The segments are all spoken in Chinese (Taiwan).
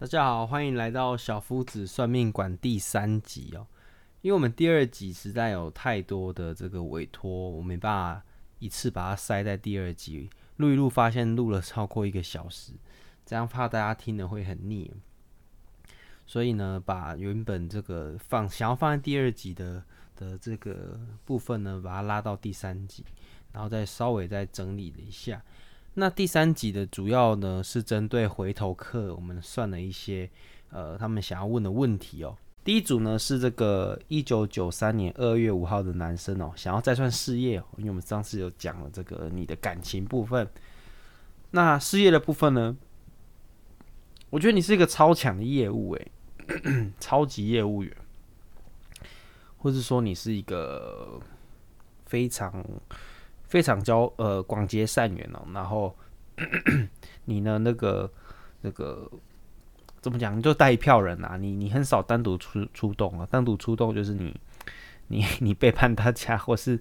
大家好，歡迎來到小夫子算命館第三集哦。因為我們第二集實在有太多的這個委托，我沒辦法一次把它塞在第二集錄一錄，發現錄了超過一個小時，這樣怕大家聽的會很膩，所以呢，把原本這個放想要放在第二集的的這個部分呢，把它拉到第三集，然後再稍微再整理了一下。那第三集的主要呢，是針對回頭客，我們算了一些，呃，他們想要問的問題哦。第一組呢是這個一九九三年二月五號的男生哦，想要再算事業，哦，因為我們上次有講了這個你的感情部分。那事業的部分呢，我覺得你是一個超強的業務誒、欸， 超級業務員，或是說你是一個非常。非常交、呃，廣結善緣哦，然後咳咳你呢，那個那個怎麼講，你就帶一票人啊，你你很少單獨出出動啊，單獨出動就是你你你背叛大家，或是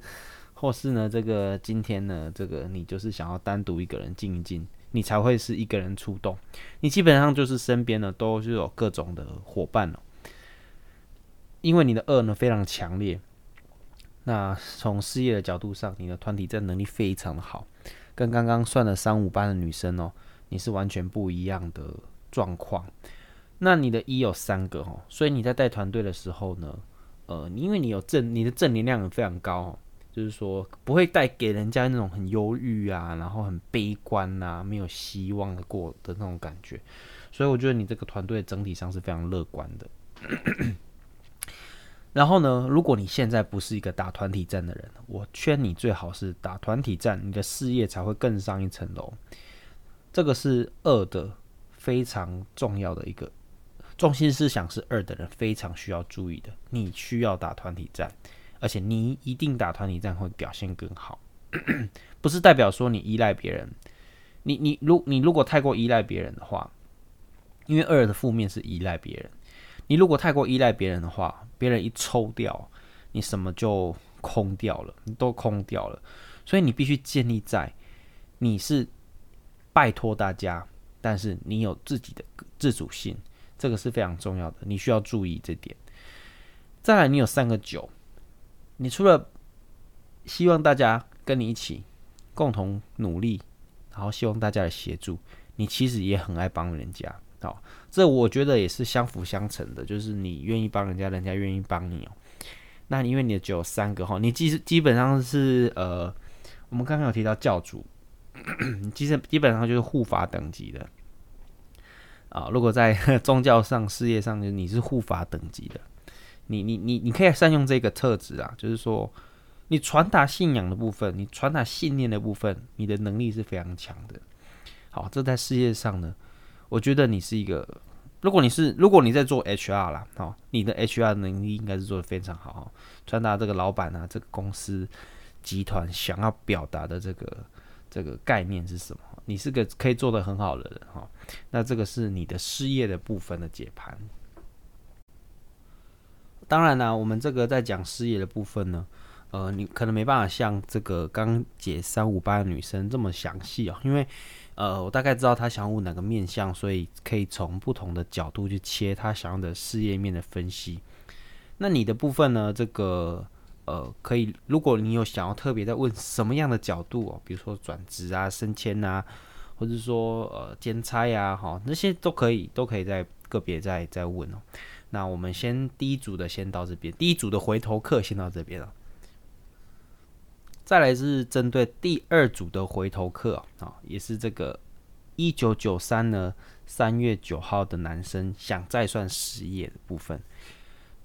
或是呢這個今天呢這個你就是想要單獨一個人靜一靜，你才會是一個人出動，你基本上就是身邊呢都是有各種的夥伴哦，因為你的惡呢非常強烈。那從事業的角度上，你的團體在能力非常的好，跟剛剛算的三五班的女生哦，你是完全不一樣的狀況。那你的一有三個哦，所以你在帶團隊的時候呢，呃，因為你有正，你的正能量也非常高哦，就是說不會帶給人家那種很憂鬱啊，然後很悲觀吶，啊，沒有希望的過的那種感覺。所以我覺得你這個團隊整體上是非常樂觀的。 然後呢，如果你現在不是一個打團體戰的人，我勸你最好是打團體戰，你的事業才會更上一層樓。這個是二的非常重要的一個中心思想，是二的人非常需要注意的。你需要打團體戰，而且你一定打團體戰會表現更好。 不是代表說你依賴別人，你你如你如果太過依賴別人的話，因為二的負面是依賴別人。你如果太過依賴別人的話，別人一抽掉，你什麼就空掉了，你都空掉了。所以你必須建立在你是拜托大家，但是你有自己的自主性，這個是非常重要的，你需要注意這點。再來，你有三個九，你除了希望大家跟你一起共同努力，然後希望大家來協助，你其實也很愛幫人家。好，這我覺得也是相輔相成的，就是你願意幫人家，人家願意幫你哦。那因為你只有三個哈，你基基本上是呃，我們剛剛有提到教主，基本基本上就是護法等級的啊、哦。如果在宗教上、事業上，就是、你是護法等級的，你你你你可以善用這個特質啊，就是說你傳達信仰的部分，你傳達信念的部分，你的能力是非常強的。好，這在事業上呢。我覺得你是一個，如果你是，如果你在做 HR 啦，哦，你的 HR 能力應該是做得非常好哈，哦。傳達這個老板啊，這個公司集團想要表達的這個這個概念是什麼？你是個可以做得很好的人，哦，那這個是你的事業的部分的解盤。當然呢，啊，我們這個在講事業的部分呢，呃，你可能沒辦法像這個剛解三五八的女生這麼詳細哦，因為。呃，我大概知道他想問哪個面向，所以可以從不同的角度去切他想要的事業面的分析。那你的部分呢？這個呃，可以，如果你有想要特別再問什麼樣的角度哦，比如說轉職啊、升遷啊，或者說呃兼差呀、啊，哈、哦，那些都可以，都可以在個別再再問哦。那我們先第一組的先到這邊，第一組的回頭客先到這邊了。再來是針對第二組的回頭客啊，也是這個一九九三呢三月九號的男生想再算事業的部分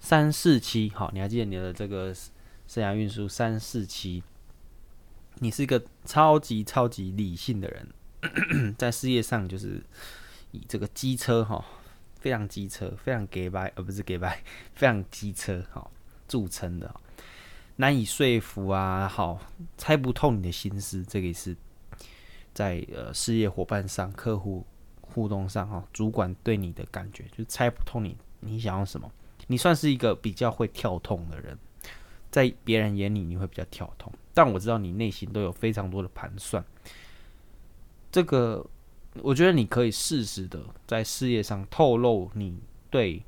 三四七，好，你還記得你的這個生涯運數三四七？你是一個超級超級理性的人， 在事業上就是以這個機車哈，非常機車，非常給白呃不是給白，非常機車哈著稱的。難以說服啊，好猜不透你的心思，這個也是在呃事業夥伴上、客戶互動上哈、哦，主管對你的感覺就是猜不透你，你想要什麼？你算是一個比較會跳痛的人，在別人眼裡你會比較跳痛，但我知道你內心都有非常多的盤算。這個我覺得你可以適時的在事業上透露你對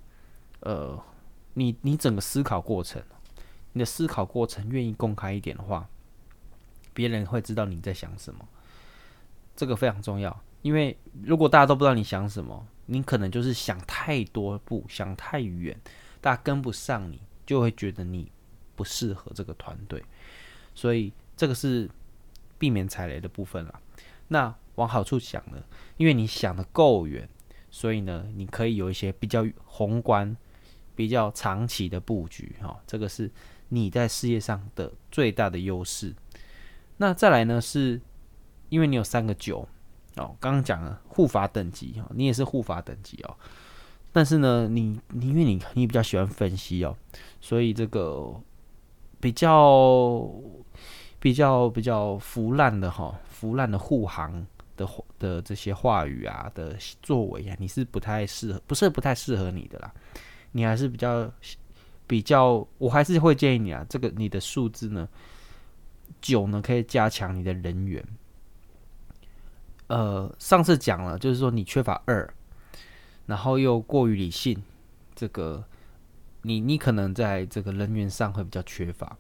呃你你整個思考過程。你的思考過程願意公開一點的話，別人會知道你在想什麼，這個非常重要。因為如果大家都不知道你想什麼，你可能就是想太多步，想太遠，大家跟不上你，就會覺得你不適合這個團隊。所以這個是避免踩雷的部分了。那往好處想呢，因為你想得夠遠，所以呢，你可以有一些比較宏觀、比較長期的布局哈。這個是。你在事業上的最大的優勢，那再來呢？是因為你有三個九哦，剛剛講了護法等級哈、哦，你也是護法等級哦。但是呢，你你因為你你比較喜歡分析哦，所以這個比較比較比較腐爛的哈、哦，腐爛的護航的的這些話語啊的作為啊，你是不太適合，不是不太適合你的啦。你還是比較。比較，我還是會建議你啊，這個你的數字呢，9呢可以加強你的人緣。呃，上次講了，就是說你缺乏二，然後又過於理性，這個你你可能在這個人緣上會比較缺乏，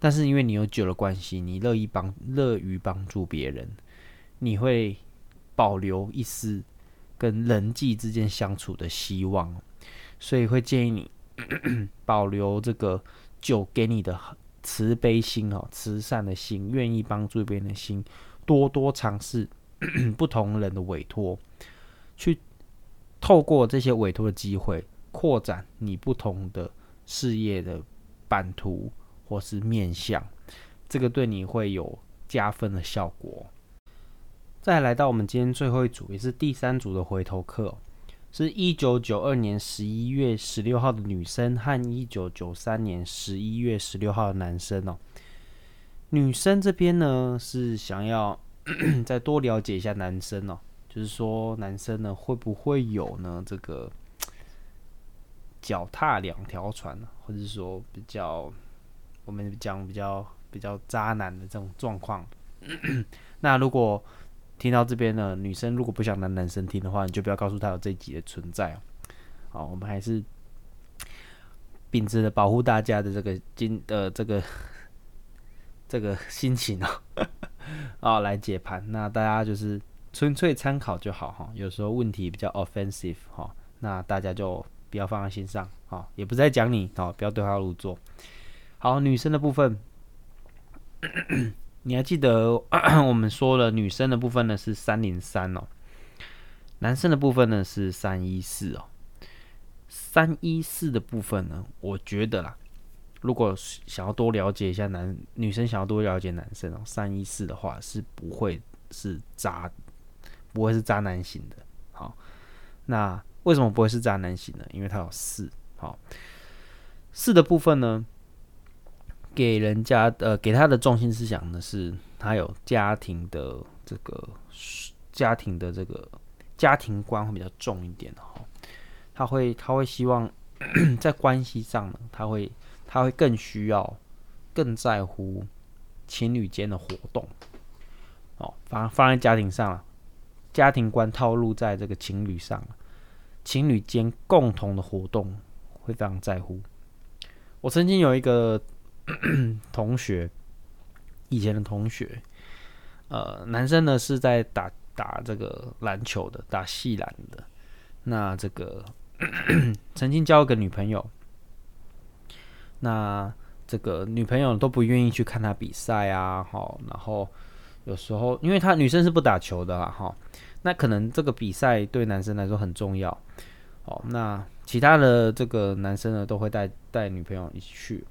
但是因為你有9的關係，你樂意幫樂於幫助別人，你會保留一絲跟人際之間相處的希望，所以會建議你。 保留這個就給你的慈悲心哦，慈善的心，願意幫助別人的心，多多嘗試 不同人的委托，去透過這些委托的機會，擴展你不同的事業的版圖或是面向，這個對你會有加分的效果。再來到我們今天最後一組，也是第三組的回頭客哦。是一九九二年十一月十六號的女生和一九九三年十一月十六號的男生哦。女生這邊呢是想要咳咳再多了解一下男生哦，就是說男生呢會不會有呢這個腳踏兩條船，或者說比較我們講比較比較渣男的這種狀況？那如果聽到這邊呢，女生如果不想男男生聽的話，你就不要告訴他有這集的存在哦。好，我們還是秉持着保護大家的這個精呃這個這個心情哦，啊來解盤。那大家就是純粹參考就好哈。有時候問題比較 offensive 哈，那大家就不要放在心上，也不再講你哦，不要對號入座。好，女生的部分。 你還記得咳咳我們說了女生的部分呢是三零三哦，男生的部分呢是三一四哦，三一四的部分呢，我覺得啦，如果想要多了解一下男女生，想要多了解男生哦，三一四的話是不會是渣，不會是渣男型的。好，那為什麼不會是渣男型呢？因為他有四。好，四的部分呢？給人家的呃，給他的重心思想呢，是他有家庭的這個家庭的這個家庭觀會比較重一點哈。他會他會希望 在關係上呢，他會他會更需要更在乎情侶間的活動哦。放放在家庭上了，家庭觀套路在這個情侶上，情侶間共同的活動會非常在乎。我曾經有一個。 同學，以前的同學，呃，男生呢是在打打這個籃球的，打系籃的。那這個 曾經交一個女朋友，那這個女朋友都不願意去看他比賽啊。好，然後有時候因為他女生是不打球的啦、啊，那可能這個比賽對男生來說很重要。好，那其他的這個男生呢都會帶帶女朋友一起去。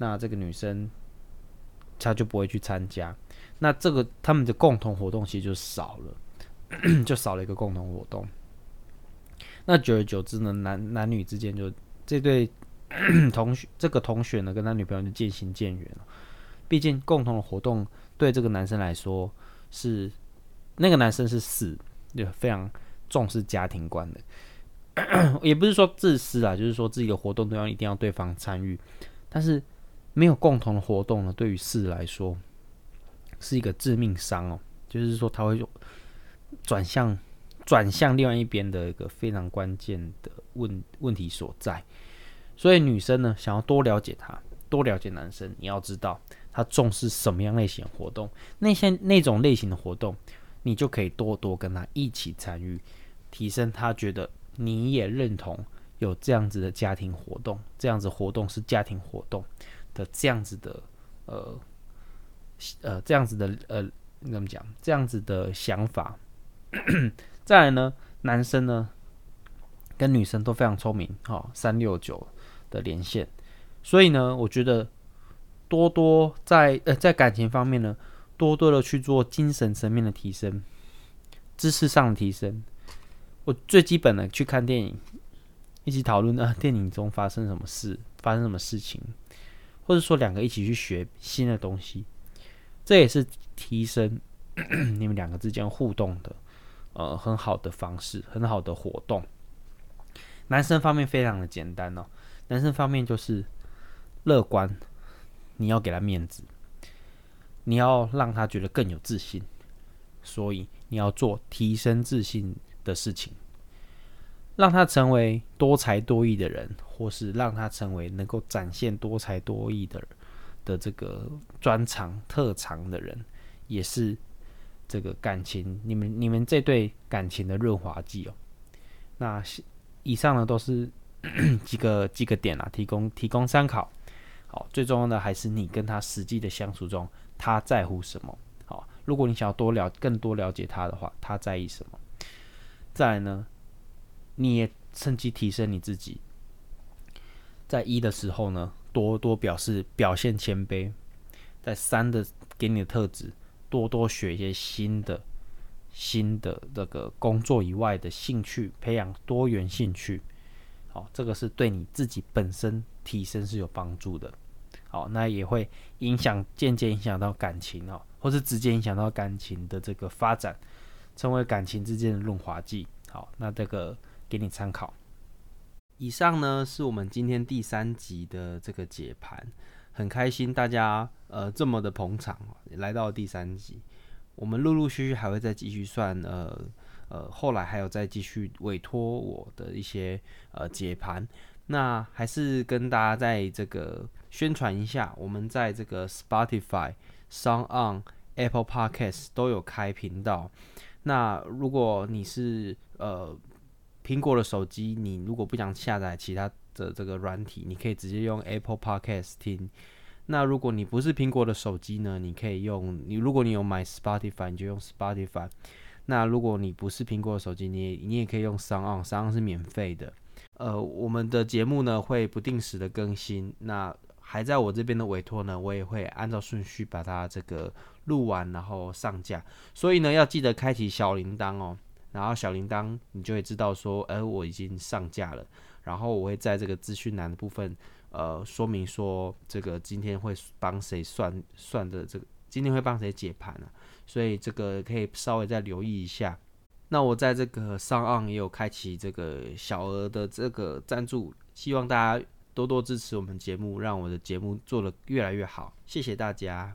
那這個女生，她就不會去參加。那這個他們的共同活動其實就少了， 就少了一個共同活動。那久而久之呢，男男女之間就這對咳咳同學這個同學呢，跟他女朋友就漸行漸遠了。畢竟共同的活動對這個男生來說是那個男生是死就非常重視家庭觀的， 也不是說自私啊，就是說自己的活動都要一定要對方參與，但是。沒有共同的活動呢，對於四來說是一個致命傷哦。就是說，他會轉向轉向另外一邊的一個非常關鍵的問問題所在。所以，女生呢，想要多了解他，多了解男生，你要知道他重視什麼樣類型的活動，那些那種類型的活動，你就可以多多跟他一起參與，提升他覺得你也認同有這樣子的家庭活動，這樣子活動是家庭活動。的這樣子的，呃，呃，這樣子的，呃，怎麼講？這樣子的想法。 再來呢，男生呢，跟女生都非常聰明，哈、哦，三六九的連線。所以呢，我覺得多多在呃，在感情方面呢，多多的去做精神層面的提升，知識上的提升。我最基本的去看電影，一起討論啊，電影中發生什麼事，發生什麼事情。或者說兩個一起去學新的東西，這也是提升你們兩個之間互動的呃很好的方式，很好的活動。男生方面非常的簡單哦，男生方面就是樂觀，你要給他面子，你要讓他覺得更有自信，所以你要做提升自信的事情。讓他成為多才多藝的人，或是讓他成為能夠展現多才多藝的的這個專長特長的人，也是這個感情你們你們這對感情的潤滑劑哦。那以上呢都是幾個幾個點啊，提供提供參考。好，最重要的還是你跟他實際的相處中，他在乎什麼？好，如果你想要多了更多了解他的話，他在意什麼？再來呢？你也趁機提升你自己，在一的時候呢，多多表示表現謙卑，在三的給你的特質，多多學一些新的新的這個工作以外的興趣，培養多元興趣，好，這個是對你自己本身提升是有幫助的，好，那也會影響漸漸影響到感情哦，或是直接影響到感情的這個發展，成為感情之間的潤滑劑，好，那這個。給你參考。以上呢，是我們今天第三集的這個解盤，很開心大家呃這麼的捧場，來到第三集，我們陸陸續續還會再繼續算，呃呃，後來還有再繼續委託我的一些呃解盤，那還是跟大家在這個宣傳一下，我們在這個 Spotify、SoundOn、Apple Podcast 都有開頻道，那如果你是呃。蘋果的手機，你如果不想下載其他的這個軟體，你可以直接用 Apple Podcast 聽。那如果你不是蘋果的手機呢，你可以用你，如果你有買 Spotify，你就用 Spotify。那如果你不是蘋果的手機，你也你也可以用 SoundOn，SoundOn 是免費的。呃，我們的節目呢會不定時的更新，那還在我這邊的委託呢，我也會按照順序把它這個錄完，然後上架。所以呢，要記得開啟小鈴鐺哦。然後小鈴鐺，你就會知道說，呃，我已經上架了。然後我會在這個資訊欄的部分，呃，說明說這個今天會幫誰算算的，這個今天會幫誰解盤啊。所以這個可以稍微再留意一下。那我在這個 SoundOn 也有開啟這個小額的這個贊助，希望大家多多支持我們節目，讓我的節目做得越來越好。謝謝大家。